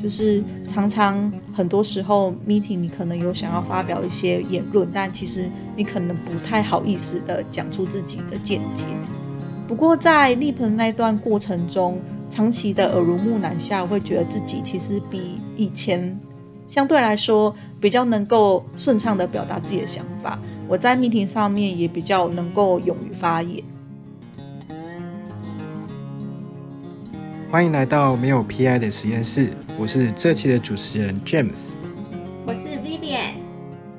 就是常常很多時候 meeting 你可能有想要發表一些言論，但其實你可能不太好意思的講出自己的見解。不過在 LEAP 那段過程中，長期的耳濡目染下，我會覺得自己其實比以前相對來說比較能夠順暢的表達自己的想法。我在 meeting 上面也比較能夠勇於發言。歡迎來到沒有 PI 的實驗室，我是這期的主持人 James，我是 Vivian。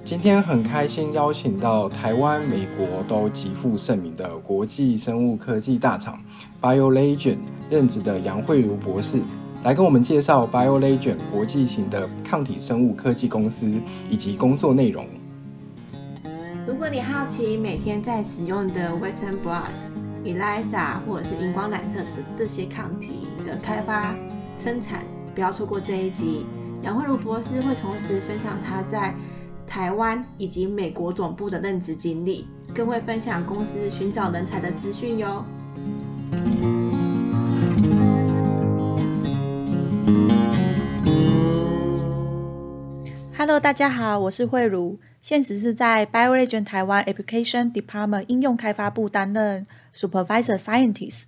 今天很開心邀請到台灣、美國都極負盛名的國際生物科技大廠 BioLegend 任職的楊蕙如博士，來跟我們介紹 BioLegend 國際型的抗體生物科技公司以及工作內容。如果你好奇每天在使用的 Western blot ELISA 或者是熒光染色的這些抗體的開發、生產，不要錯過這一集。楊蕙如博士會同時分享她在台灣以及美國總部的任職經歷，更會分享公司尋找人才的資訊喲。Hello，大家好，我是蕙如。現時是在 BioLegend 台灣 Application Department 應用開發部擔任 Supervisor Scientist。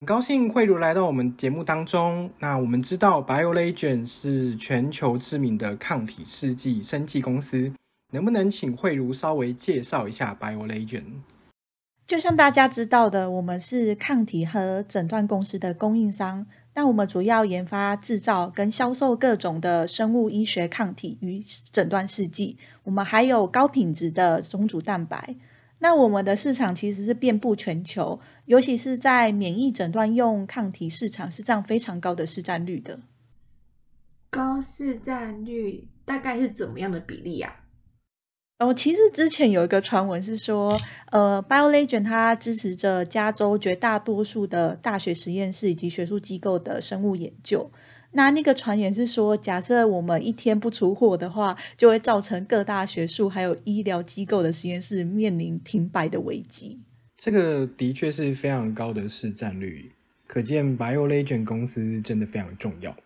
很高興蕙如來到我們節目當中。那我們知道 BioLegend 是全球知名的抗體試劑生技公司，能不能請蕙如稍微介紹一下 BioLegend？就像大家知道的，我們是抗體和診斷公司的供應商。那我們主要研發、製造跟銷售各種的生物醫學抗體與診斷試劑，我們還有高品質的重組蛋白。那我們的市場其實是遍布全球，尤其是在免疫診斷用抗體市場，是佔非常高的市佔率的。高市佔率大概是怎麼樣的比例啊？然後、哦、其實之前有一個傳聞是說，呃，BioLegend 它支持着加州絕大多數的大學實驗室以及學術機構的生物研究。那那個傳言是說，假設我們一天不出貨的話，就會造成各大學術還有醫療機構的實驗室面臨停擺的危機。這個的確是非常高的市占率，可見 BioLegend 公司真的非常重要。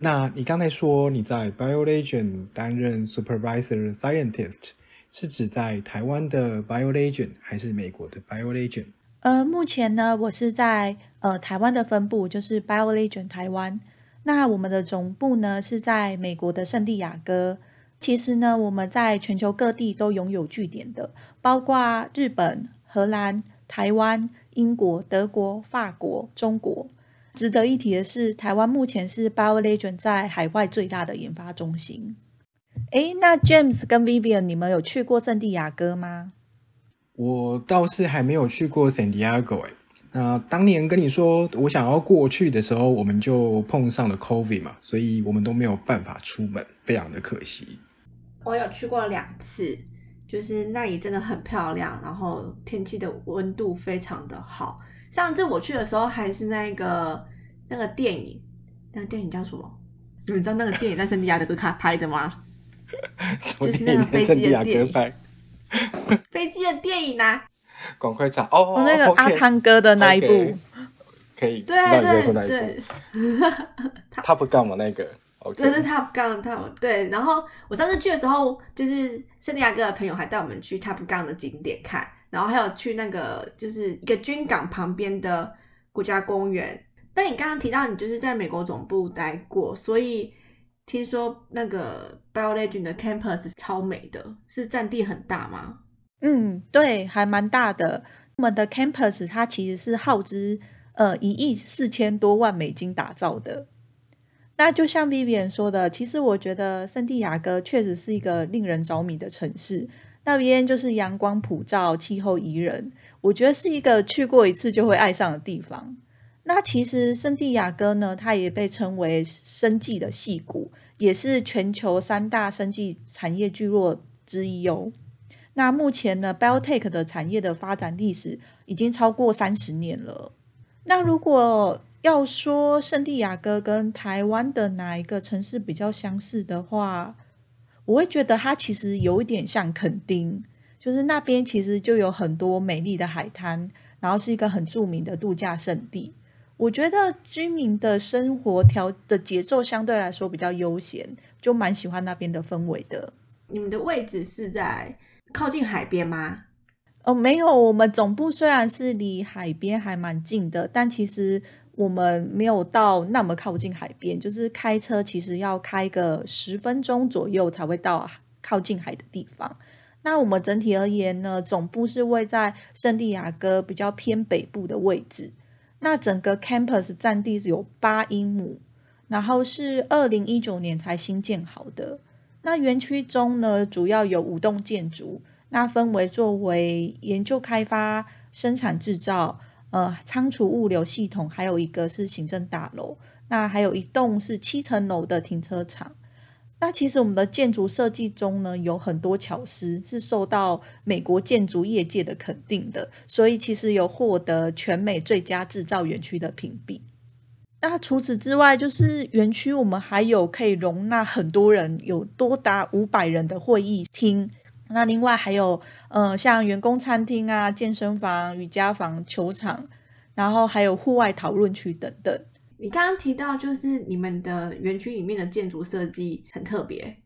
那你剛才說你在 BioLegend 擔任 Supervisor Scientist。是指在台灣的 BioLegend，還是美國的 BioLegend？呃，目前呢，我是在呃台灣的分部，就是 BioLegend 台灣。那我們的總部呢，是在美國的聖地亞哥。其實呢，我們在全球各地都擁有據點的，包括日本、荷蘭、台灣、英國、德國、法國、中國。值得一提的是，台灣目前是 BioLegend 在海外最大的研發中心。哎，那 James 跟 Vivian，你們有去過聖地亞哥嗎？我倒是還沒有去過聖地亞哥哎。那當年跟你說我想要過去的時候，我們就碰上了 COVID 嘛，所以我們都沒有辦法出門，非常的可惜。我有去過兩次，就是那裡真的很漂亮，然後天氣的溫度非常的好。上次我去的時候還是那個那個電影，那個電影叫什麼？你知道那個電影在聖 地亞哥，哥拍的嗎？ 什麼電影？聖地亞哥拍飛機的， 的電影啊！趕快查哦，那個阿湯哥的那一部，可以知道你在說哪一部。Top, Top Gun 嘛那個，okay. 對 a Top Gun，Top 對，對。然後我上次去的時候，就是聖地亞哥的朋友還帶我們去 Top Gun 的景點看，然後還有去那個就是一個軍港旁邊的國家公園。但你剛剛提到你就是在美國總部待過，所以。聽說那個 BioLegend 的 campus 超美的，是佔地很大嗎？嗯，對，還蠻大的。我們的 campus 它其實是耗資呃一億四千多萬美金打造的。那就像 Vivian 說的，其實我覺得聖地亞哥確實是一個令人着迷的城市。那邊就是陽光普照，氣候宜人，我覺得是一個去過一次就會愛上的地方。那其實聖地亞哥呢，它也被稱為“生技的矽谷”。也是全球三大生技產業聚落之一哦。那目前呢，Biotech 的產業的發展歷史已經超過三十年了。那如果要說聖地亞哥跟台灣的哪一個城市比較相似的話，我會覺得它其實有一點像墾丁，就是那邊其實就有很多美麗的海灘，然後是一個很著名的度假勝地。我覺得居民的生活調的節奏相對來說比較悠閒，就蠻喜歡那邊的氛圍的。你們的位置是在靠近海邊嗎？哦，沒有，我們總部雖然是離海邊還蠻近的，但其實我們沒有到那麼靠近海邊，就是開車其實要開個十分鐘左右才會到靠近海的地方。那我們整體而言呢，總部是位在聖地亞哥比較偏北部的位置。那整個 campus 佔地是有八英畝，然後是二零一九年才新建好的。那園區中呢，主要有五棟建築，那分為作為研究開發、生產制造、呃倉儲物流系統，還有一個是行政大樓。那還有一棟是七層樓的停車場。那其實我們的建築設計中呢，有很多巧思是受到美國建築業界的肯定的，所以其實有獲得全美最佳製造園區的評比。那除此之外，就是園區我們還有可以容納很多人，有多達五百人的會議廳。那另外還有，嗯、呃，像員工餐廳啊、健身房、瑜伽房、球場，然後還有戶外討論區等等。你剛剛提到，就是你們的園區裡面的建築設計很特別。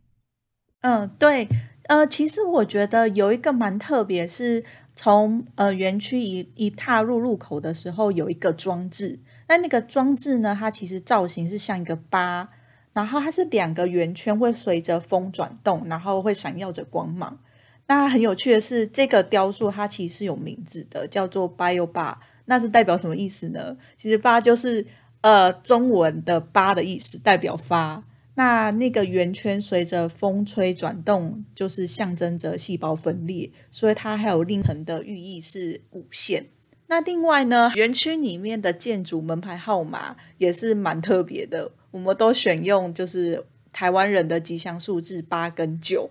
嗯，對，呃，其實我覺得有一個蠻特別，是從呃園區一一踏入入口的時候，有一個裝置。那那個裝置呢，它其實造型是像一個八，然後它是兩個圓圈會隨着風轉動，然後會閃耀着光芒。那很有趣的是，這個雕塑它其實是有名字的，叫做 Bio 八。那是代表什麼意思呢？其實八就是。呃，中文的“八”的意思代表發，那那個圓圈隨着風吹轉動，就是象徵着細胞分裂，所以它還有另一層的寓意是無限。那另外呢，園區裡面的建築門牌號碼也是蠻特別的，我們都選用就是台灣人的吉祥數字八跟九。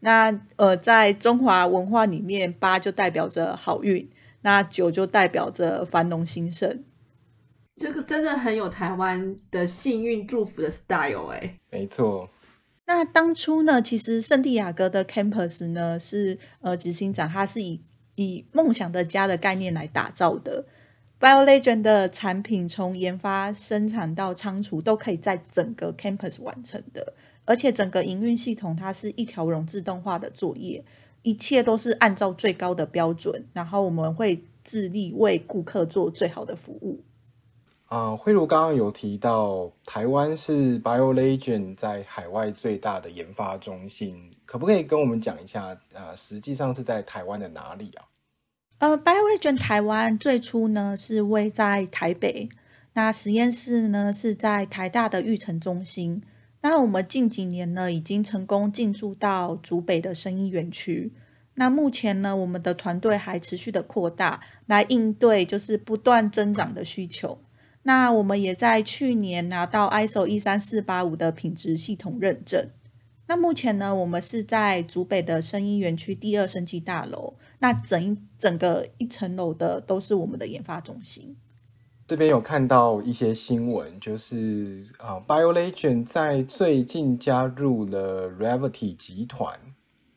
那呃，在中華文化裡面，八就代表着好運，那九就代表着繁榮興盛。這個真的很有台灣的幸運祝福的 style 哎、欸，沒錯。那當初呢，其實聖地亞哥的 campus 呢是呃，執行長他是以以夢想的家的概念來打造的。BioLegend 的產品從研發、生產到倉儲都可以在整個 campus 完成的，而且整個營運系統它是一條龍自動化的作業，一切都是按照最高的標準。然後我們會致力為顧客做最好的服務。啊，蕙、呃、如剛剛有提到台灣是 BioLegend 在海外最大的研發中心，可不可以跟我們講一下？啊、呃，實際上是在台灣的哪裡啊？呃，BioLegend 台灣最初呢是位在台北，那實驗室呢是在台大的育成中心。那我們近幾年呢已經成功進駐到竹北的生醫園區。那目前呢我們的團隊還持續的擴大，來應對就是不斷增長的需求。那我們也在去年拿到 ISO 一三四八五的品質系統認證。那目前呢，我們是在竹北的生醫園區第二生技大樓那整整個一層樓的都是我們的研發中心。這邊有看到一些新聞，就是啊，BioLegend 在最近加入了 Revvity 集團。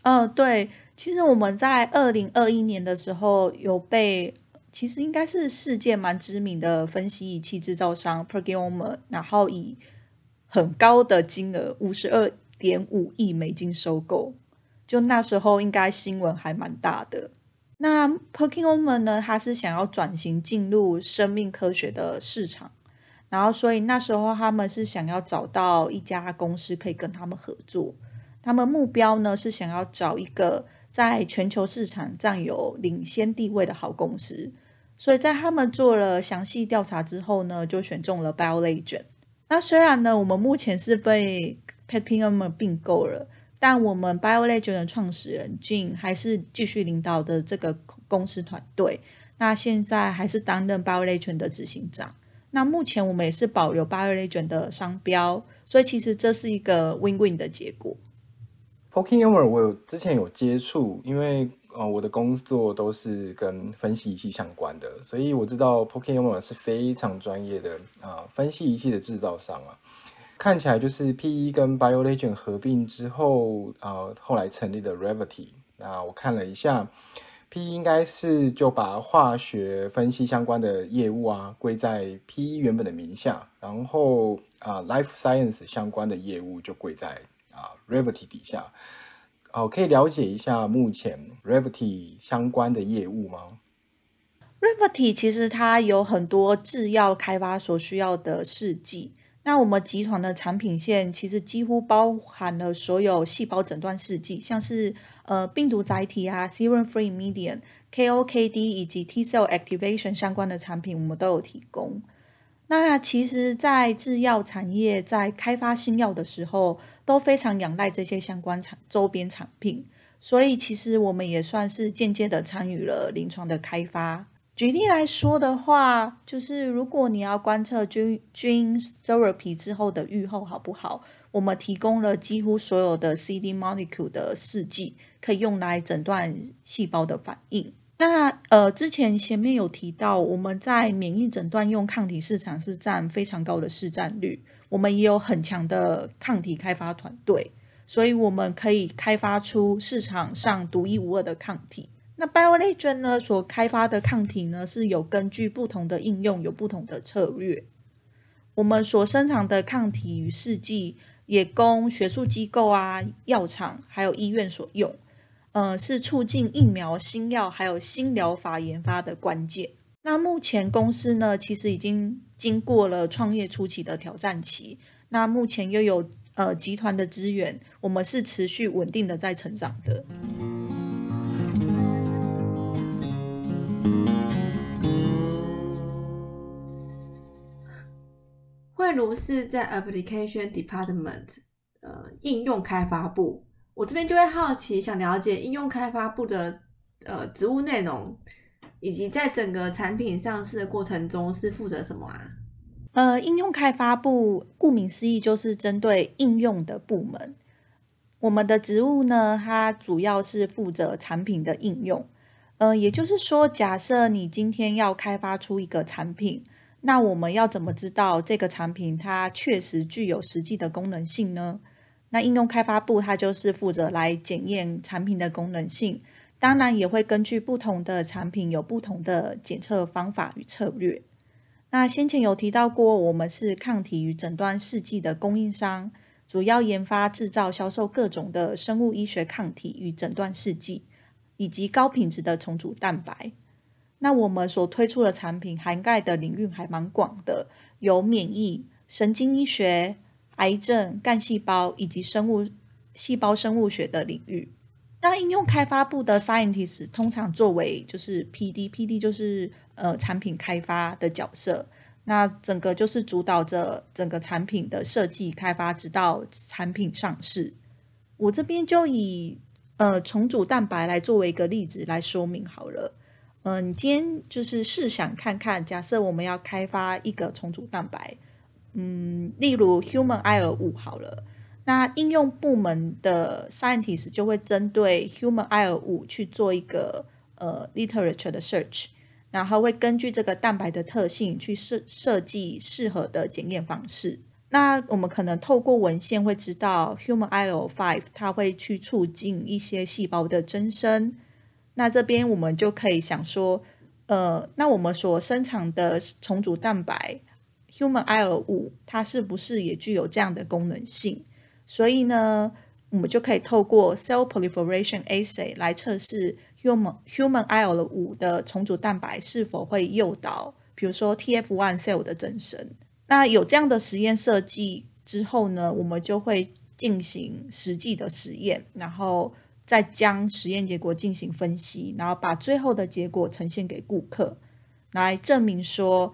嗯，對，其實我們在二零二一年的時候有被。其實應該是世界蠻知名的分析儀器制造商 PerkinElmer 然後以很高的金額五十二點五億美金收購。就那時候應該新聞還蠻大的。那 PerkinElmer 呢，他是想要轉型進入生命科學的市場，然後所以那時候他們是想要找到一家公司可以跟他們合作。他們目標呢是想要找一個在全球市場占有領先地位的好公司。所以在他們做了詳細調查之後呢，就選中了 BioLegend。那雖然呢，我們目前是被 PerkinElmer 併購了，但我們 BioLegend 的創始人 Gene 還是繼續領導的這個公司團隊。那現在還是擔任 BioLegend 的執行長。那目前我們也是保留 BioLegend 的商標，所以其實這是一個 win-win win 的結果。PerkinElmer 我有之前有接觸，因為。呃，我的工作都是跟分析儀器相關的，所以我知道 PerkinElmer，是非常專業的啊、呃，分析儀器的制造商啊。看起來就是 PE 跟 BioLegend 合併之後啊、呃，後來成立的 Revvity 啊、呃。我看了一下，PE 應該是就把化學分析相關的業務啊歸在 PE 原本的名下，然後啊、呃、，Life Science 相關的業務就歸在啊、呃、Revvity 底下。好、哦，可以了解一下目前 Revity 相關的業務嗎？Revity 其實它有很多製藥開發所需要的試劑。那我們集團的產品線其實幾乎包含了所有細胞診斷試劑，像是呃病毒載體啊、serum-free medium、Med KoKD、OK、以及 T cell activation 相關的產品，我們都有提供。那其實，在製藥產業在開發新藥的時候，都非常仰賴這些相關產周邊產品，所以其實我們也算是間接的參與了臨床的開發。舉例來說的話，就是如果你要觀測 gene therapy 之後的預後好不好，我們提供了幾乎所有的 CD molecule 的試劑，可以用來診斷細胞的反應。那呃，之前前面有提到，我們在免疫診斷用抗體市場是占非常高的市占率。我們也有很強的抗體開發團隊，所以我們可以開發出市場上獨一無二的抗體。那 BioLegend 呢，所開發的抗體呢，是有根據不同的應用有不同的策略。我們所生產的抗體與試劑也供學術機構啊、藥廠還有醫院所用。呃，是促進疫苗、新藥還有新療法研發的關鍵。那目前公司呢，其實已經經過了創業初期的挑戰期。那目前又有呃集團的資源，我們是持續穩定的在成長的。蕙如是在 Application Department，呃，應用開發部。我這邊就會好奇，想了解應用開發部的呃職務內容，以及在整個產品上市的過程中是負責什麼啊？呃，應用開發部顧名思義就是針對應用的部門。我們的職務呢，它主要是負責產品的應用。呃，也就是說，假設你今天要開發出一個產品，那我們要怎麼知道這個產品它確實具有實際的功能性呢？那應用開發部，它就是負責來檢驗產品的功能性，當然也會根據不同的產品有不同的檢測方法與策略。那先前有提到過，我們是抗體與診斷試劑的供應商，主要研發、製造、銷售各種的生物醫學抗體與診斷試劑，以及高品質的重組蛋白。那我們所推出的產品涵蓋的領域還蠻廣的，有免疫、神經醫學。癌症幹細胞以及生物細胞生物學的領域。那應用開發部的 scientists 通常作為就是 PD，PD 就是呃產品開發的角色。那整個就是主導着整個產品的設計開發，直到產品上市。我這邊就以呃重組蛋白來作為一個例子來說明好了。嗯、呃，你今天就是試想看看，假設我們要開發一個重組蛋白。嗯，例如 human IL 五好了，那應用部門的 scientist 就會針對 human IL 五去做一個呃 literature 的 search，然後會根據這個蛋白的特性去設設計適合的檢驗方式。那我們可能透過文獻會知道 human IL five 它會去促進一些細胞的增生，那這邊我們就可以想說，呃，那我們所生產的重組蛋白。Human IL-5，它是不是也具有這樣的功能性？所以呢，我們就可以透過 cell proliferation assay 來測試 human human IL-5 的重組蛋白是否會誘導，比如說 TF one cell 的增生。那有這樣的實驗設計之後呢，我們就會進行實際的實驗，然後再將實驗結果進行分析，然後把最後的結果呈現給顧客，來證明說。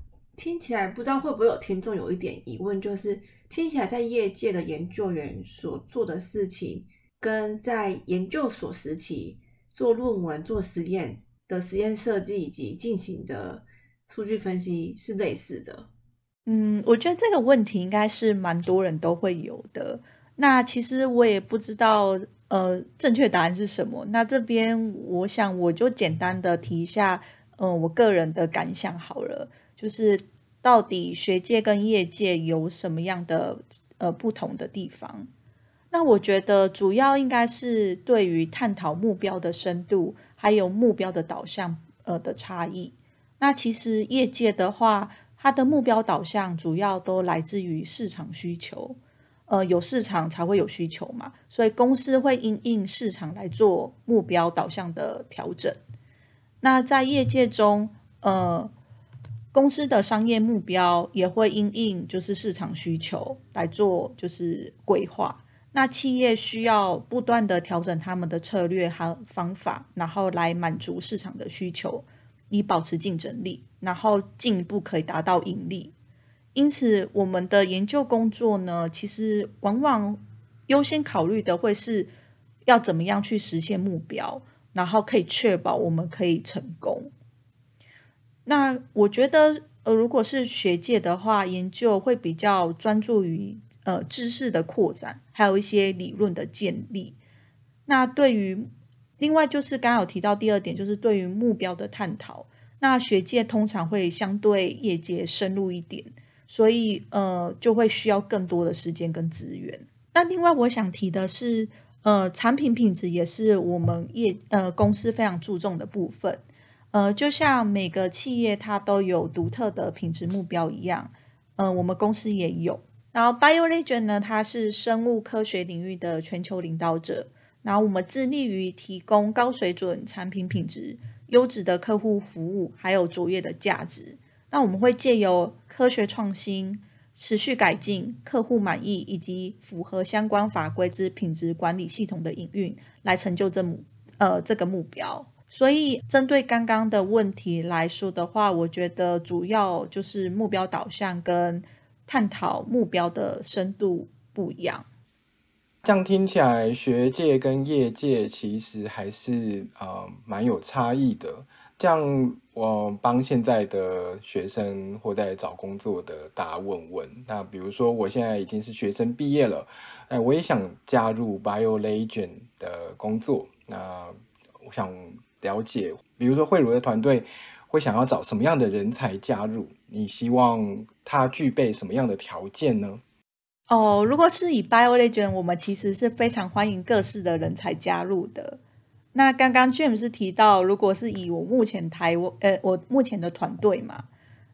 聽起來不知道會不會有聽眾有一點疑問，就是聽起來在業界的研究員所做的事情，跟在研究所時期做論文、做實驗的實驗設計以及進行的數據分析是類似的。嗯，我覺得這個問題應該是蠻多人都會有的。那其實我也不知道，呃，正確答案是什麼。那這邊我想我就簡單的提一下，嗯、呃，我個人的感想好了，就是。到底學界跟業界有什麼樣的呃不同的地方？那我覺得主要應該是對於探討目標的深度，還有目標的導向呃的差異。那其實業界的話，它的目標導向主要都來自於市場需求，呃，有市場才會有需求嘛，所以公司會因應市場來做目標導向的調整。那在業界中，呃，公司的商業目標也會因應就是市場需求來做就是規劃。那企業需要不斷地調整他們的策略和方法，然後來滿足市場的需求，以保持競爭力，然後進一步可以達到盈利。因此，我們的研究工作呢，其實往往優先考慮的會是要怎麼樣去實現目標，然後可以確保我們可以成功。那我覺得，呃，如果是學界的話，研究會比較專注於呃知識的擴展，還有一些理論的建立。那對於另外就是剛剛有提到第二點，就是對於目標的探討。那學界通常會相對業界深入一點，所以呃就會需要更多的時間跟資源。那另外我想提的是，呃，產品品質也是我們業呃公司非常注重的部分。呃，就像每個企業它都有獨特的品質目標一樣，呃，我們公司也有。然後，BioLegend 呢，它是生物科學領域的全球領導者。然後我們致力於提供高水準產品品質、優質的客戶服務，還有卓越的價值。那我們會借由科學創新、持續改進、客戶滿意以及符合相關法規之品質管理系統的營運，來成就這目呃這個目標。所以，針對剛剛的問題來說的話，我覺得主要就是目標導向跟探討目標的深度不一樣。這樣聽起來，學界跟業界其實還是呃蠻有差異的。這樣我幫現在的學生或在找工作的大家問問，那比如說我現在已經是學生畢業了，哎，我也想加入 BioLegend 的工作，那我想。了解，比如說蕙如的團隊會想要找什麼樣的人才加入？你希望他具備什麼樣的條件呢？哦，如果是以 BioLegend，我們其實是非常歡迎各式的人才加入的。那剛剛 James 是提到，如果是以我目前台、呃，我目前的團隊嘛，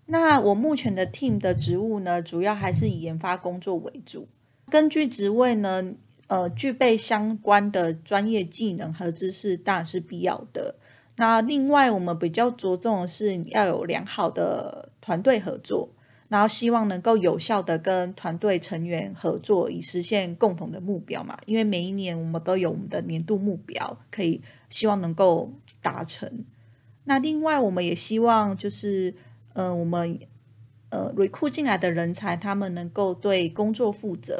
那我目前的 Team 的職務呢，主要還是以研發工作為主。根據職位呢，呃，具備相關的專業技能和知識當然是必要的。那另外，我們比較着重的是要有良好的團隊合作，然後希望能夠有效的跟團隊成員合作，以實現共同的目標嘛。因為每一年我們都有我們的年度目標，可以希望能夠達成。那另外，我們也希望就是，呃，我們呃 recruit 進來的人才，他們能夠對工作負責。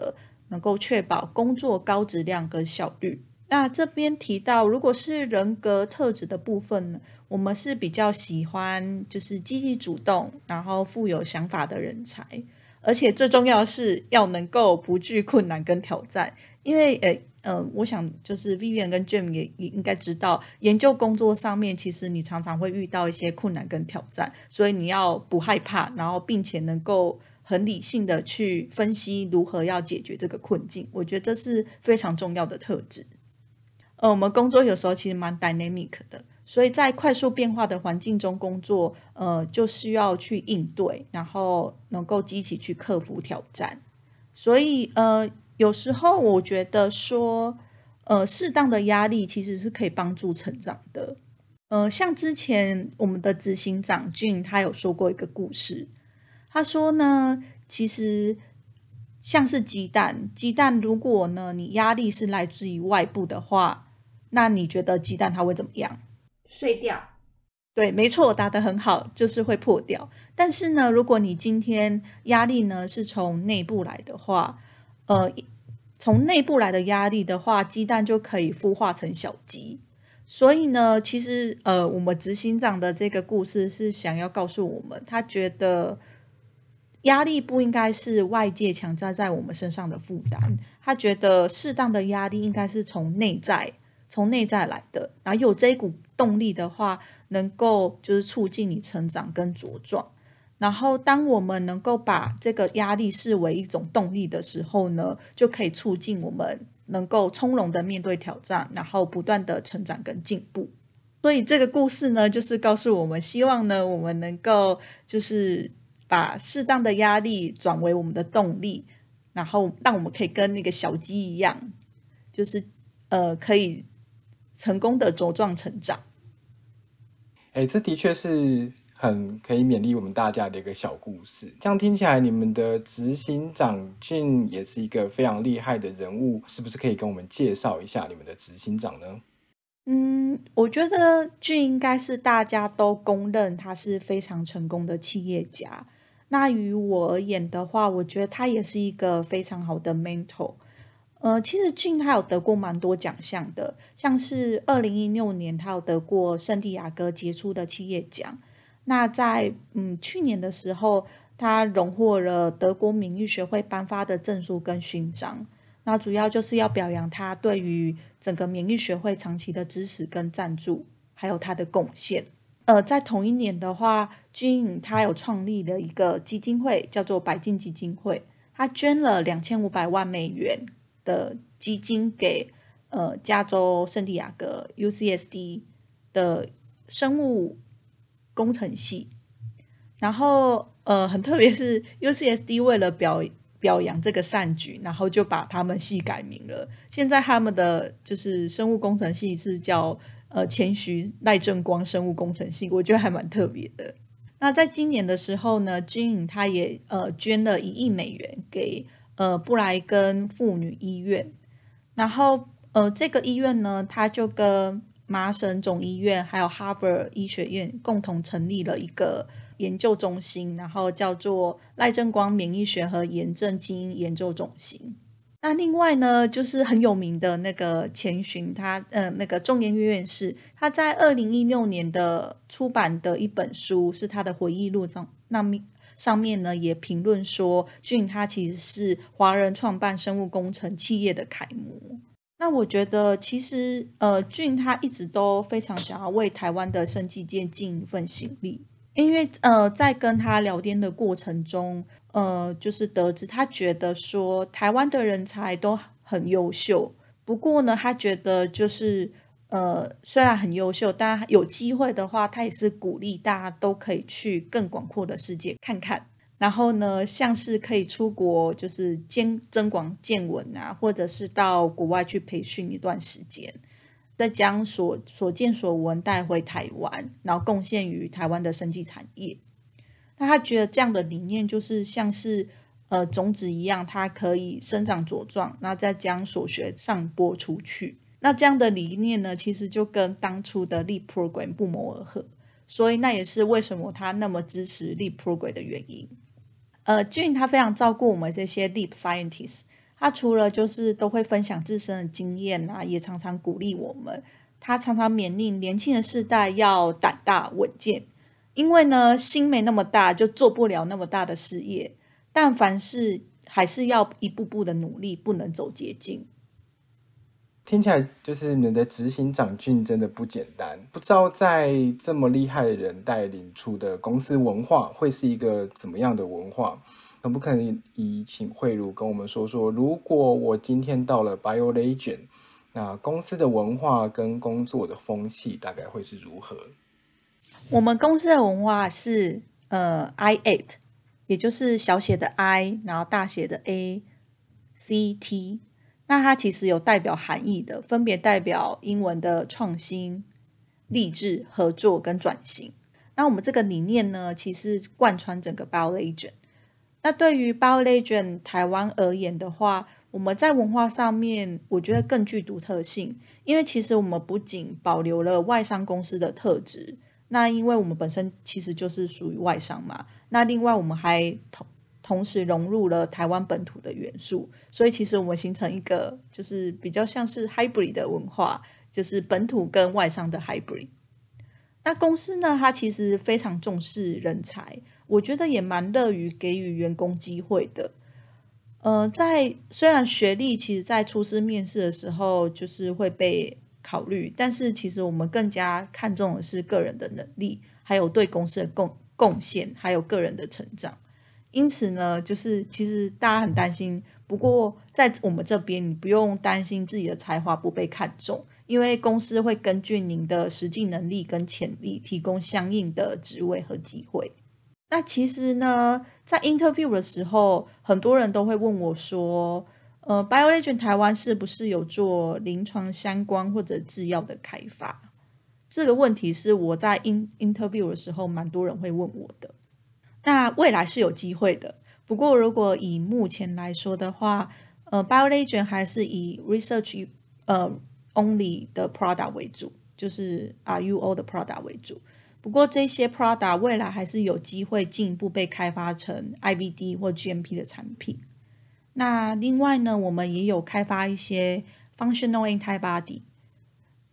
能夠確保工作高質量跟效率。那這邊提到，如果是人格特質的部分呢，我們是比較喜歡就是積極主動，然後富有想法的人才，而且最重要是要能夠不懼困難跟挑戰。因為，誒、欸，嗯、呃，我想就是 Vivian 跟 Jim 也也應該知道，研究工作上面其實你常常會遇到一些困難跟挑戰，所以你要不害怕，然後並且能夠。很理性的去分析如何要解決這個困境，我覺得這是非常重要的特質。呃，我們工作有時候其實蠻 dynamic 的，所以在快速變化的環境中工作，呃，就需、是、要去應對，然後能夠積極去克服挑戰。所以，呃，有時候我覺得說，呃，適當的壓力其實是可以幫助成長的。呃，像之前我們的執行長俊，他有說過一個故事。他說呢，其實像是雞蛋，雞蛋如果呢你壓力是來自於外部的話，那你覺得雞蛋它會怎麼樣？碎掉。對，沒錯，答得很好，就是會破掉。但是呢，如果你今天壓力呢是從內部來的話，呃，從內部來的壓力的話，雞蛋就可以孵化成小雞。所以呢，其實呃，我們執行長的這個故事是想要告訴我們，他覺得。壓力不應該是外界強加在我們身上的負擔，他覺得適當的壓力應該是從內在、從內在來的。然後有這一股動力的話，能夠就是促進你成長跟茁壯。然後，當我們能夠把這個壓力視為一種動力的時候呢，就可以促進我們能夠從容的面對挑戰，然後不斷的成長跟進步。所以這個故事呢，就是告訴我們，希望呢，我們能夠就是。把適當的壓力轉為我們的動力，然後讓我們可以跟那個小雞一樣，就是呃，可以成功的茁壯成長。哎，這的確是很可以勉勵我們大家的一個小故事。這樣聽起來，你們的執行長 Gene 也是一個非常厲害的人物，是不是可以跟我們介紹一下你們的執行長呢？嗯，我覺得 Gene 應該是大家都公認他是非常成功的企業家。那於我而言的話，我覺得他也是一個非常好的 mentor。呃，其實俊他有得過蠻多獎項的，像是二零一六年他有得過聖地亞哥傑出的企業獎。那在嗯去年的時候，他榮獲了德國免疫學會頒發的證書跟勳章。那主要就是要表揚他對於整個免疫學會長期的支持跟贊助，還有他的貢獻。呃，在同一年的話，軍影他有創立了一個基金會，叫做白金基金會。他捐了兩千五百萬美元的基金給呃加州聖地亞哥 U C S D 的生物工程系。然後呃，很特別是 U C S D 為了表表揚這個善舉，然後就把他們系改名了。現在他們的就是生物工程系是叫，呃，前徐賴正光生物工程系，我覺得還蠻特別的。那在今年的時候呢，Gene 他也呃捐了一億美元給呃布萊根婦女醫院，然後呃這個醫院呢，他就跟麻省總醫院還有哈佛醫學院共同成立了一個研究中心，然後叫做賴正光免疫學和炎症基因研究中心。那另外呢，就是很有名的那個錢俊，他呃那個中研院院士，他在二零一六年的出版的一本書是他的回憶錄上，上那面上面呢也評論說，俊他其實是華人創辦生物工程企業的楷模。那我覺得其實呃，俊他一直都非常想要為台灣的生技界盡一份心力。因為呃，在跟他聊天的過程中，呃，就是得知他覺得說台灣的人才都很優秀，不過呢，他覺得就是呃，雖然很優秀，但有機會的話，他也是鼓勵大家都可以去更廣闊的世界看看。然後呢，像是可以出國，就是兼增廣見聞啊，或者是到國外去培訓一段時間。再將所所見所聞帶回台灣，然後貢獻於台灣的生技產業。那他覺得這樣的理念就是像是呃種子一樣，它可以生長茁壯，那再將所學上播出去。那這樣的理念呢，其實就跟當初的 LEAP program 不謀而合。所以那也是為什麼他那麼支持 LEAP program 的原因。呃，俊他非常照顧我們這些 LEAP scientists。他除了就是都會分享自身的經驗啊，也常常鼓勵我們。他常常勉勵年輕的世代要膽大穩健，因為呢，心沒那麼大就做不了那麼大的事業。但凡事還是要一步步的努力，不能走捷徑。聽起來就是你的執行長進真的不簡單，不知道在這麼厲害的人帶領出的公司文化會是一個怎麼樣的文化？可不可以請蕙如跟我們說說，如果我今天到了 BioLegend，那公司的文化跟工作的風氣大概會是如何？我們公司的文化是呃 iACT，也就是小寫的 I，然後大寫的 A、C、T。那它其實有代表含義的，分別代表英文的創新、勵志、合作跟轉型。那我們這個理念呢，其實貫穿整個 BioLegend。那對於 BioLegend 台灣而言的話，我們在文化上面，我覺得更具獨特性，因為其實我們不僅保留了外商公司的特質，那因為我們本身其實就是屬於外商嘛，那另外我們還同同時融入了台灣本土的元素，所以其實我們形成一個就是比較像是 hybrid 的文化，就是本土跟外商的 hybrid。那公司呢，它其實非常重視人才。我覺得也蠻樂於給予員工機會的。呃，在雖然學歷其實在初試面試的時候就是會被考慮，但是其實我們更加看重的是個人的能力，還有對公司的貢貢獻，還有個人的成長。因此呢，就是其實大家很擔心，不過在我們這邊你不用擔心自己的才華不被看重，因為公司會根據您的實際能力跟潛力提供相應的職位和機會。那其實呢，在 interview 的時候，很多人都會問我說：“呃，BioLegend 台灣是不是有做臨床相關或者制藥的開發？”這個問題是我在 in interview 的時候，蠻多人會問我的。那未來是有機會的，不過如果以目前來說的話，呃，BioLegend 還是以 research 呃 only 的 product 為主，就是 R U O 的 product 為主。不過這些 product 未來還是有機會進一步被開發成 IVD 或 GMP 的產品。那另外呢，我們也有開發一些 functional antibody。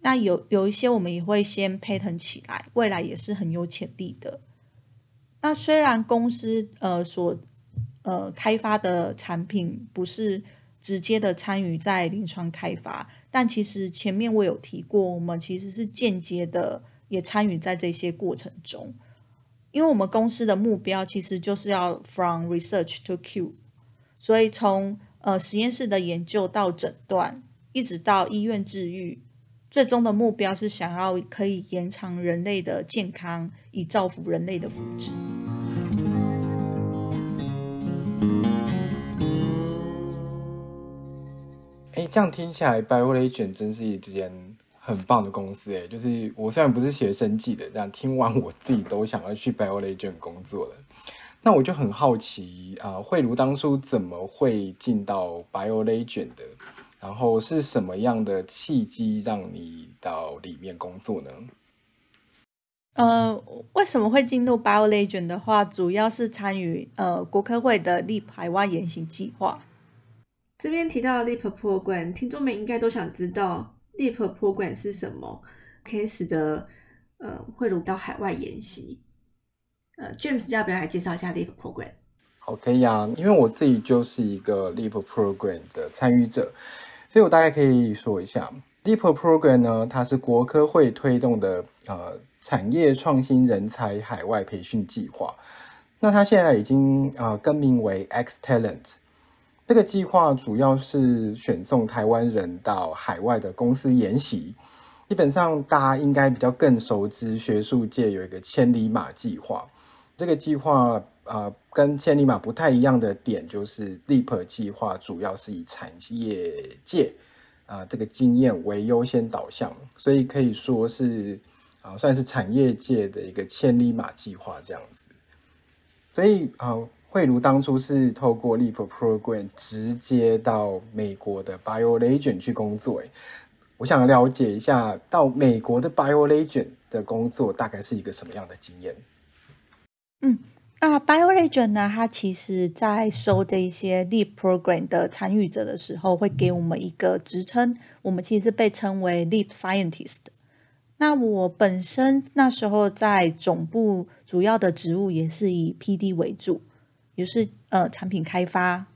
那有有一些我們也會先 patent 起來，未來也是很有潛力的。那雖然公司呃所呃開發的產品不是直接的參與在臨床開發，但其實前面我有提過，我們其實是間接的。也參與在這些過程中，因為我們公司的目標其實就是要 from research to cure，所以從呃實驗室的研究到診斷，一直到醫院治癒，最終的目標是想要可以延長人類的健康，以造福人類的福祉。哎，這樣聽起來，BioLegend 真是一件很棒的公司哎，就是我雖然不是學生技的，但聽完我自己都想要去 BioLegend 工作了。那我就很好奇啊，蕙、呃、如當初怎麼會進到 BioLegend 的？然後是什麼樣的契機讓你到裡面工作呢？呃，為什麼會進入 BioLegend 的話，主要是參與呃國科會的 LEAP 台灣研習計劃。這邊提到的 LEAP program，聽眾們應該都想知道，Leap Program 是什麼？可以使得呃，匯入到海外研習。呃，James 要不要來介紹一下 Leap Program？好，可以啊。因為我自己就是一個 Leap Program 的參與者，所以我大概可以說一下 Leap Program 呢，它是國科會推動的呃產業創新人才海外培訓計劃。那它現在已經呃更名為 X-Talent。這個計劃主要是選送台灣人到海外的公司研習。基本上，大家應該比較更熟知學術界有一個“千里馬計劃”。這個計劃啊，跟“千里馬”不太一樣的點就是，“LEAP” 計劃主要是以產業界啊這個經驗為優先導向，所以可以說是啊算是產業界的一個“千里馬計劃”這樣子。所以啊。蕙如當初是透過 Leap Program 直接到美國的 BioLegend 去工作，我想了解一下到美國的 BioLegend 的工作大概是一個什麼樣的經驗？嗯，那、啊、BioLegend 呢，它其實在收這一些 Leap Program 的參與者的時候，會給我們一個職稱，我們其實是被稱為 Leap Scientist。那我本身那時候在總部主要的職務也是以 PD 為主。也、就是呃，產品開發。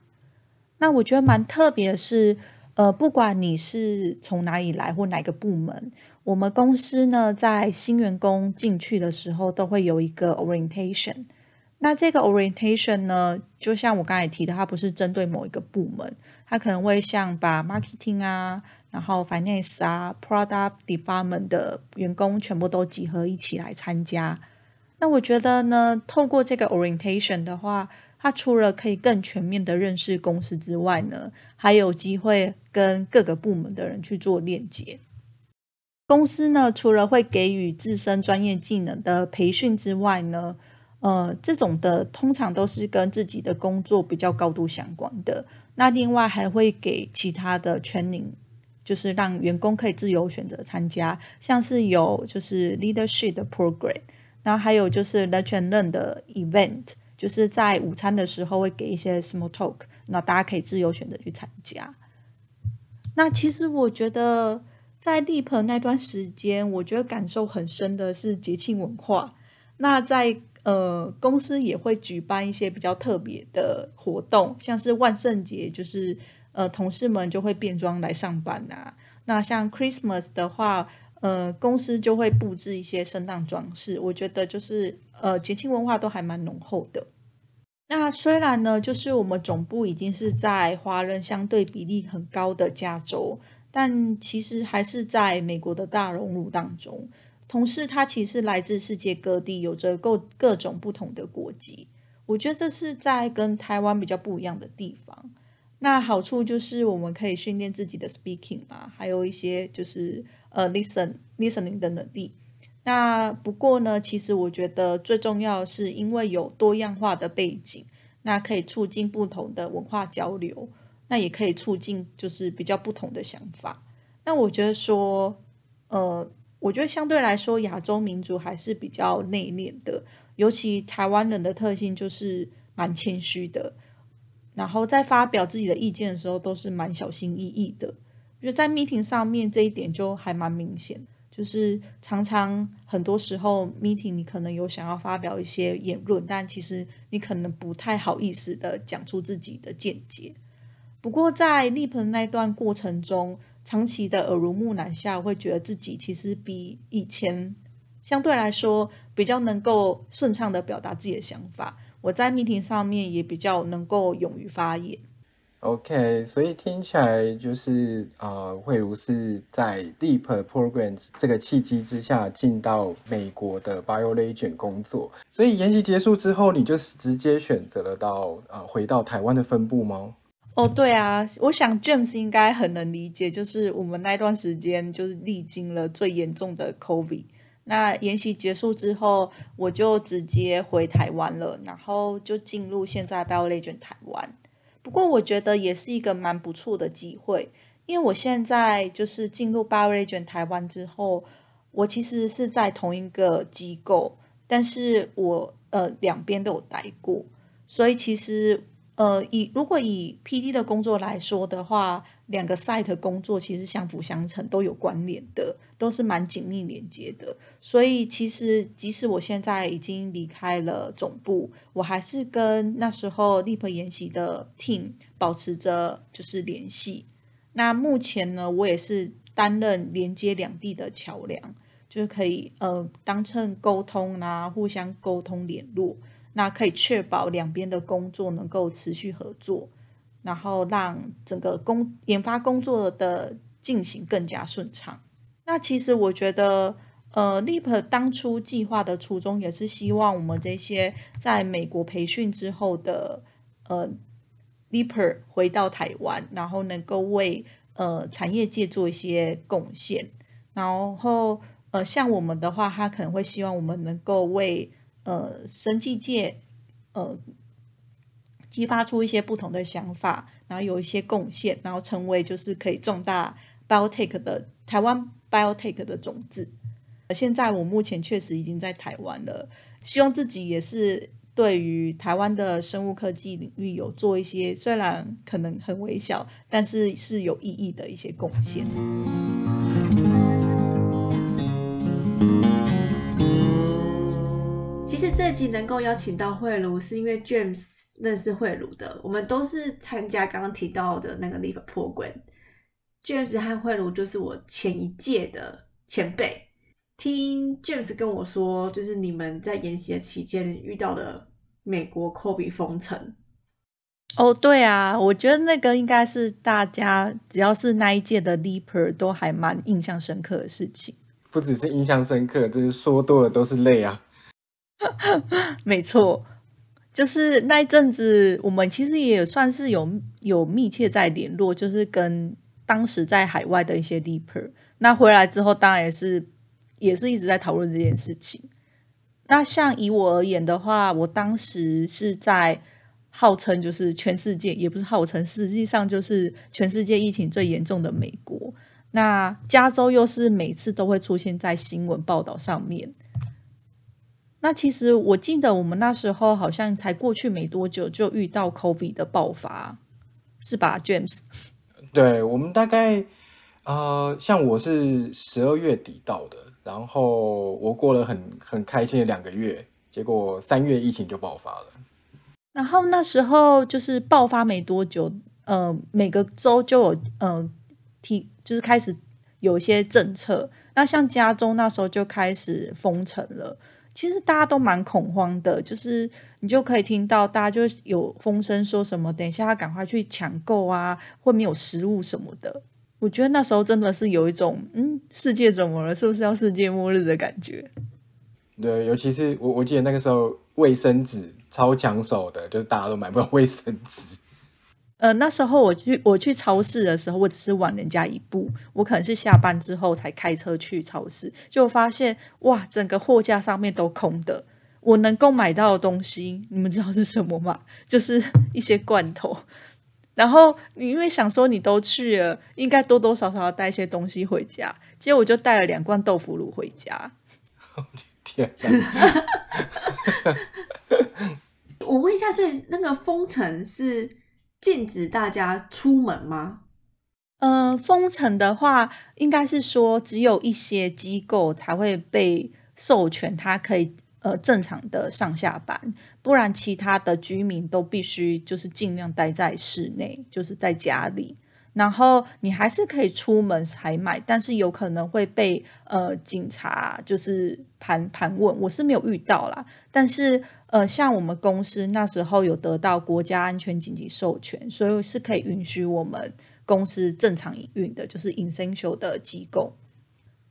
那我覺得蠻特別是，呃，不管你是從哪裡來或哪個部門，我們公司呢在新員工進去的時候都會有一個 orientation。那這個 orientation 呢，就像我剛才提的，它不是針對某一個部門，它可能會像把 marketing 啊，然後 finance 啊，product development 的員工全部都集合一起來參加。那我覺得呢，透過這個 orientation 的話，他除了可以更全面的認識公司之外呢，還有機會跟各個部門的人去做鏈接。公司呢，除了會給予自身專業技能的培訓之外呢，呃，這種的通常都是跟自己的工作比較高度相關的。那另外還會給其他的 training，就是讓員工可以自由選擇參加，像是有就是 leadership 的 program，然後還有就是 Lunch and Learn 的 event。就是在午餐的時候會給一些 small talk，那大家可以自由選擇去參加。那其實我覺得在 LEAP 那段時間，我覺得感受很深的是節慶文化。那在呃公司也會舉辦一些比較特別的活動，像是萬聖節，就是呃同事們就會變裝來上班吶、啊。那像 Christmas 的話，呃，公司就會布置一些聖誕裝飾，我覺得就是呃，節慶文化都還蠻濃厚的。那雖然呢，就是我們總部已經是在華人相對比例很高的加州，但其實還是在美國的大熔爐當中，同事他其實來自世界各地，有着各各種不同的國籍。我覺得這是在跟台灣比較不一樣的地方。那好處就是我們可以訓練自己的 speaking 嘛，還有一些就是。呃，uh，listen listening 的能力。那不過呢，其實我覺得最重要是因為有多樣化的背景，那可以促進不同的文化交流，那也可以促進就是比較不同的想法。那我覺得說，呃，我覺得相對來說，亞洲民族還是比較內斂的，尤其台灣人的特性就是蠻謙虛的，然後在發表自己的意見的時候都是蠻小心翼翼的。就在 meeting 上面這一點就還蠻明顯，就是常常很多時候 meeting 你可能有想要發表一些言論，但其實你可能不太好意思的講出自己的見解。不過在 LEAP 那段過程中，長期的耳濡目染下，我會覺得自己其實比以前相對來說比較能夠順暢的表達自己的想法。我在 meeting 上面也比較能夠勇於發言。OK，所以聽起來就是呃，蕙如是在 LEAP program 這個契機之下進到美國的 BioLegend 工作。所以研習結束之後，你就是直接選擇了到呃回到台灣的分部嗎？哦，對啊，我想 James 應該很能理解，就是我們那段時間就是歷經了最嚴重的 COVID。那研習結束之後，我就直接回台灣了，然後就進入現在 BioLegend 台灣。不過我覺得也是一個蠻不錯的機會，因為我現在就是進入 BioLegend 台灣之後，我其實是在同一個機構，但是我呃兩邊都有待過，所以其實呃以如果以 PD 的工作來說的話。兩個 site 工作其實相輔相成，都有關聯的，都是蠻緊密連接的。所以其實即使我現在已經離開了總部，我還是跟那時候 LEAP 研習的 team 保持着就是聯繫。那目前呢，我也是擔任連接兩地的橋樑，就是可以呃當成溝通啊，互相溝通聯絡，那可以確保兩邊的工作能夠持續合作。然後讓整個工研發工作的進行更加順暢。那其實我覺得，呃，Leap 當初計劃的初衷也是希望我們這些在美國培訓之後的，呃，Leaper 回到台灣，然後能夠為呃產業界做一些貢獻。然後，呃，像我們的話，他可能會希望我們能夠為呃生技界，呃。激發出一些不同的想法，然後有一些貢獻，然後成為就是可以重大 biotech 的台灣 biotech 的種子。現在我目前確實已經在台灣了，希望自己也是對於台灣的生物科技領域有做一些，雖然可能很微小，但是是有意義的一些貢獻。其實這集能夠邀請到蕙如，是因為 James。認識慧如的，我們都是參加剛剛提到的那個 LEAP program。James 和慧如就是我前一屆的前輩。聽 James 跟我說，就是你們在研習的期間遇到的美國 COVID 封城。哦，oh, 對啊，我覺得那個應該是大家只要是那一屆的 Leaper 都還蠻印象深刻的事情。不只是印象深刻，就是說多了都是淚啊。 沒錯。就是那一陣子，我們其實也算是有有密切在聯絡，就是跟當時在海外的一些 deeper。那回來之後，當然也是也是一直在討論這件事情。那像以我而言的話，我當時是在號稱就是全世界，也不是號稱，實際上就是全世界疫情最嚴重的美國。那加州又是每次都會出現在新聞報道上面。那其實我記得我們那時候好像才過去沒多久，就遇到 COVID 的爆發，是吧，James？對，我們大概呃，像我是十二月底到的，然後我過了很很開心的兩個月，結果三月疫情就爆發了。然後那時候就是爆發沒多久，呃，每個州就有呃提，就是開始有一些政策。那像加州那時候就開始封城了。其實大家都蠻恐慌的，就是你就可以聽到大家就有風聲說什麼，等一下要趕快去搶購啊，會沒有食物什麼的。我覺得那時候真的是有一種，嗯，世界怎麼了？是不是要世界末日的感覺？對，尤其是我，我記得那個時候衛生紙超搶手的，就是大家都買不到衛生紙。呃，那時候我去我去超市的時候，我只是晚人家一步，我可能是下班之後才開車去超市，就發現哇，整個貨架上面都空的。我能夠買到的東西，你們知道是什麼嗎？就是一些罐頭。然後你因為想說你都去了，應該多多少少帶一些東西回家，結果我就帶了兩罐豆腐乳回家。我、哦、我問一下，所以那個封城是？禁止大家出門嗎？呃，封城的話，應該是說只有一些機構才會被授權，他可以呃正常的上下班，不然其他的居民都必須就是盡量待在室內，就是在家裡。然後你還是可以出門採買，但是有可能會被呃警察就是盤盤問。我是沒有遇到啦，但是呃，像我們公司那時候有得到國家安全緊急授權，所以是可以允許我們公司正常營運的，就是 essential 的機構。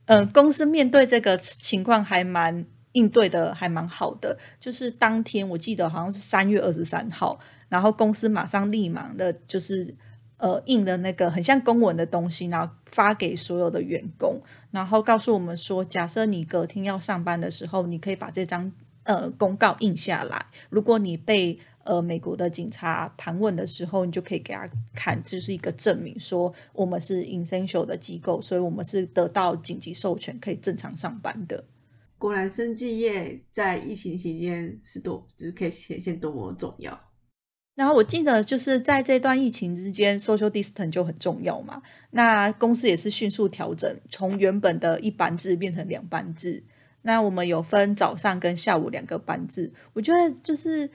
嗯、呃，公司面對這個情況還蠻應對的，還蠻好的。就是當天我記得好像是三月二十三號，然後公司馬上立馬的就是。呃，印的那個很像公文的東西，然後發給所有的員工，然後告訴我們說，假設你隔天要上班的時候，你可以把這張呃公告印下來。如果你被呃美國的警察盤問的時候，你就可以給他看，這、就是一個證明，說我們是 essential 的機構，所以我們是得到緊急授權可以正常上班的。果然，生技業在疫情期間是多，就是可以顯現多麼重要。然後我記得就是在這段疫情之間，social distance 就很重要嘛。那公司也是迅速調整，從原本的一班制變成兩班制。那我們有分早上跟下午兩個班制。我覺得就是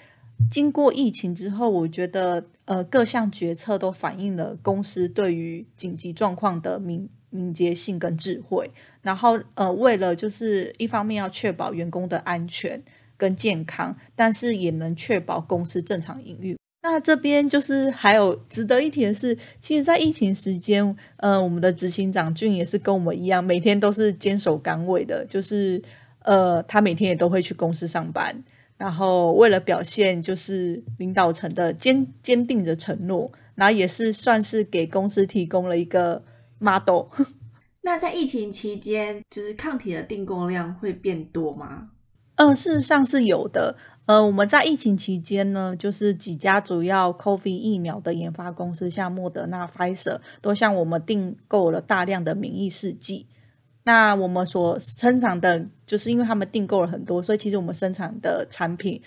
經過疫情之後，我覺得呃各項決策都反映了公司對於緊急狀況的敏敏捷性跟智慧。然後呃為了就是一方面要確保員工的安全跟健康，但是也能確保公司正常營運。那這邊就是還有值得一提的是，其實，在疫情時間，呃，我們的執行長俊也是跟我們一樣，每天都是堅守崗位的。就是，呃，他每天也都會去公司上班。然後，為了表現就是領導層的堅堅定的承諾，然後也是算是給公司提供了一個 model。那在疫情期間，就是抗體的訂購量會變多嗎？嗯、呃，事實上是有的。呃，我們在疫情期間呢，就是幾家主要 COVID 疫苗的研發公司，像莫德納、Pfizer，都向我們訂購了大量的免疫試劑。那我們所生產的，就是因為他們訂購了很多，所以其實我們生產的產品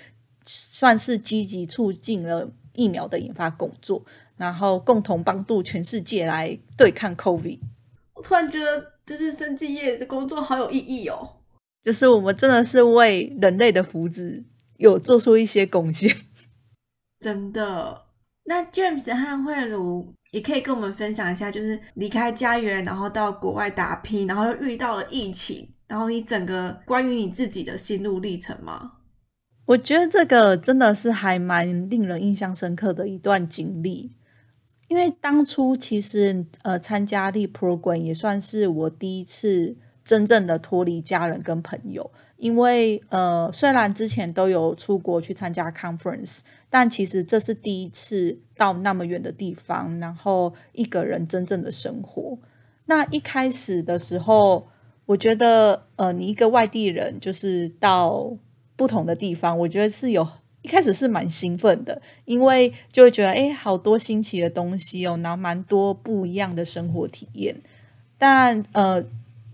算是積極促進了疫苗的研發工作，然後共同幫助全世界來對抗 COVID。我突然覺得，就是生技業的工作好有意義哦，就是我們真的是為人類的福祉。有做出一些貢獻，真的。那 James 和蕙如也可以跟我們分享一下，就是離開家園，然後到國外打拼，然後又遇到了疫情，然後你整個關於你自己的心路歷程嗎？我覺得這個真的是還蠻令人印象深刻的一段經歷，因為當初其實呃參加 LEAP program 也算是我第一次真正的脫離家人跟朋友。因為呃，雖然之前都有出國去參加 conference，但其實這是第一次到那麼遠的地方，然後一個人真正的生活。那一開始的時候，我覺得呃，你一個外地人，就是到不同的地方，我覺得是有，一開始是蠻興奮的，因為就會覺得誒，好多新奇的東西哦，然後蠻多不一樣的生活體驗。但呃。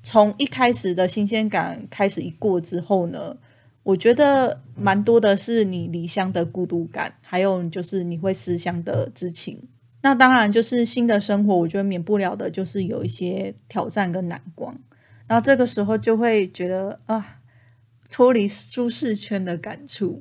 從一開始的新鮮感開始一過之後呢，我覺得蠻多的是你離鄉的孤獨感，還有就是你會思鄉的之情。那當然就是新的生活，我覺得免不了的就是有一些挑戰跟難關。然後這個時候就會覺得啊，脫離舒適圈的感觸。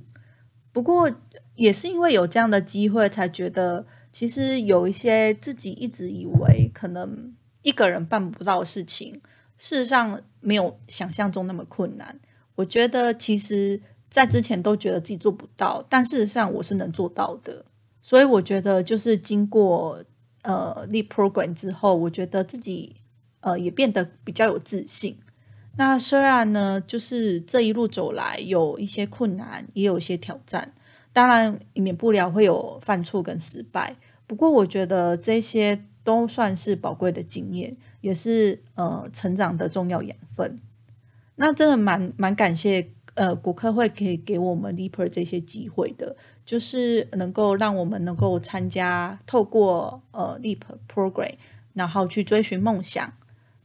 不過也是因為有這樣的機會，才覺得其實有一些自己一直以為可能一個人辦不到的事情。事實上沒有想象中那麼困難。我覺得其實在之前都覺得自己做不到，但事實上我是能做到的。所以我覺得就是經過呃 LEAP program 之後，我覺得自己呃也變得比較有自信。那雖然呢，就是這一路走來有一些困難，也有一些挑戰，當然免不了會有犯錯跟失敗。不過我覺得這些都算是寶貴的經驗。也是呃成長的重要養分，那真的蠻蠻感謝呃國科會可以給我們 LEAP 這些機會的，就是能夠讓我們能夠參加透過呃 LEAP Program，然後去追尋夢想，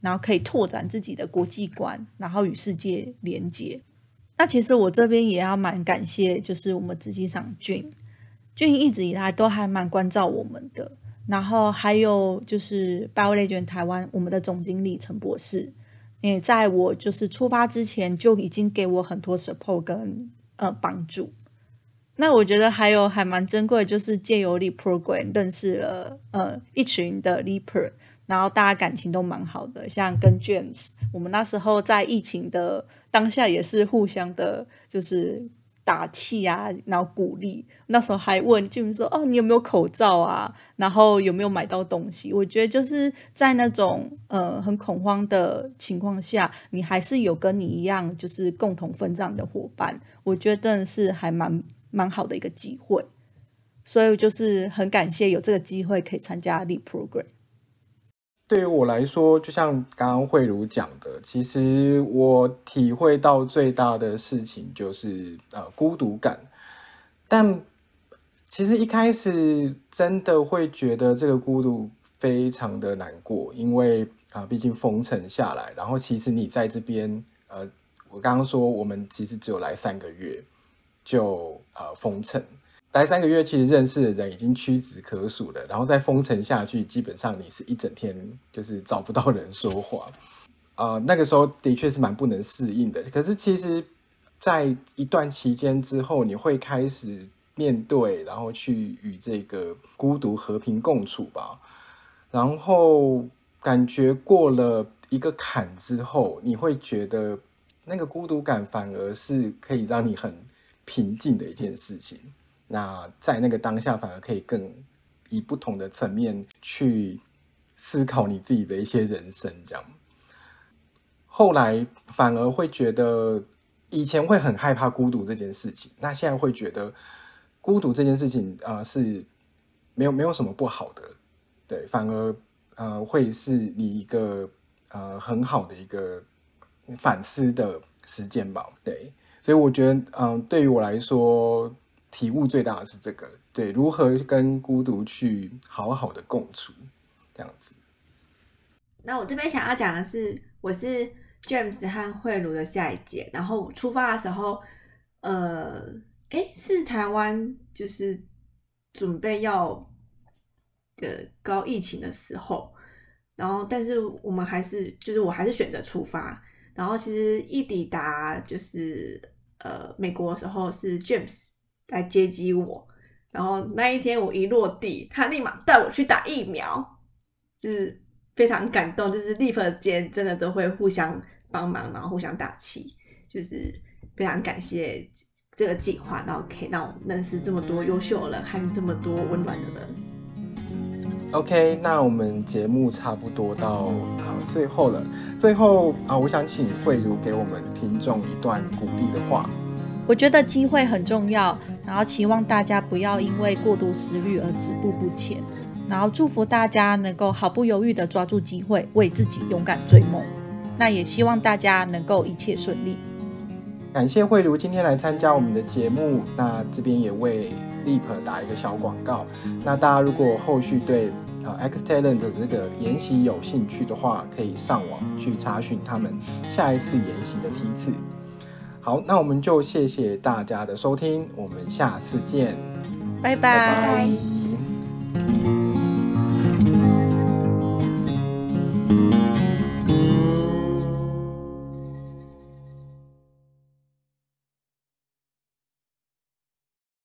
然後可以拓展自己的國際觀，然後與世界連接。那其實我這邊也要蠻感謝，就是我們執行長俊俊一直以來都還蠻關照我們的。然後還有就是 BioLegend 台灣我們的總經理陳博士，也在我就是出發之前就已經給我很多 support 跟呃幫助。那我覺得還有還蠻珍貴的，就是借由 LEAP Program 認識了呃一群的 Leaper，然後大家感情都蠻好的，像跟 James，我們那時候在疫情的當下也是互相的，就是。打氣啊，然後鼓勵。那時候還問就是說：“哦，你有沒有口罩啊？然後有沒有買到東西？”我覺得就是在那種呃很恐慌的情況下，你還是有跟你一樣就是共同奮戰的夥伴，我覺得是還蠻蠻好的一個機會。所以我就是很感謝有這個機會可以參加 LEAP Program。對於我來說，就像剛剛蕙如講的，其實我體會到最大的事情就是呃孤獨感。但其實一開始真的會覺得這個孤獨非常的難過，因為啊，呃，畢竟封城下來，然後其實你在這邊，呃，我剛剛說我們其實只有來三個月就呃封城。來三個月，其實認識的人已經屈指可數了。然後再封城下去，基本上你是一整天就是找不到人說話。啊、呃，那個時候的確是蠻不能適應的。可是其實，在一段期間之後，你會開始面對，然後去與這個孤獨和平共處吧。然後感覺過了一個坎之後，你會覺得那個孤獨感反而是可以讓你很平靜的一件事情。那在那個當下，反而可以更以不同的層面去思考你自己的一些人生，這樣。後來反而會覺得以前會很害怕孤獨這件事情，那現在會覺得孤獨這件事情，啊、呃，是沒有沒有什麼不好的，對，反而呃會是你一個呃很好的一個反思的時間吧，對，所以我覺得，嗯、呃，對於我來說。體悟最大的是這個，對，如何跟孤獨去好好的共處，這樣子。那我這邊想要講的是，我是 James 和蕙如的下一屆，然後出發的時候，呃，哎，是台灣，就是準備要的高疫情的時候，然後但是我們還是，就是我還是選擇出發，然後其實一抵達就是呃美國的時候是 James。來接機我，然後那一天我一落地，他立馬帶我去打疫苗，就是非常感動，就是 LEAP 間真的都會互相幫忙，然後互相打氣，就是非常感謝這個計劃，然後可以讓我認識這麼多優秀的人，還有這麼多溫暖的人。OK，那我們節目差不多到最後了，最後啊，我想請蕙如給我們聽眾一段鼓勵的話。我覺得機會很重要，然後期望大家不要因為過度思慮而止步不前，然後祝福大家能夠毫不猶豫的抓住機會，為自己勇敢追夢。那也希望大家能夠一切順利。感謝蕙如今天來參加我們的節目，那這邊也為 Leap 打一個小廣告。那大家如果後續對呃 X Talent 的這個研習有興趣的話，可以上網去查詢他們下一次研習的梯次。好，那我們就謝謝大家的收聽，我們下次見，拜拜 bye。Bye bye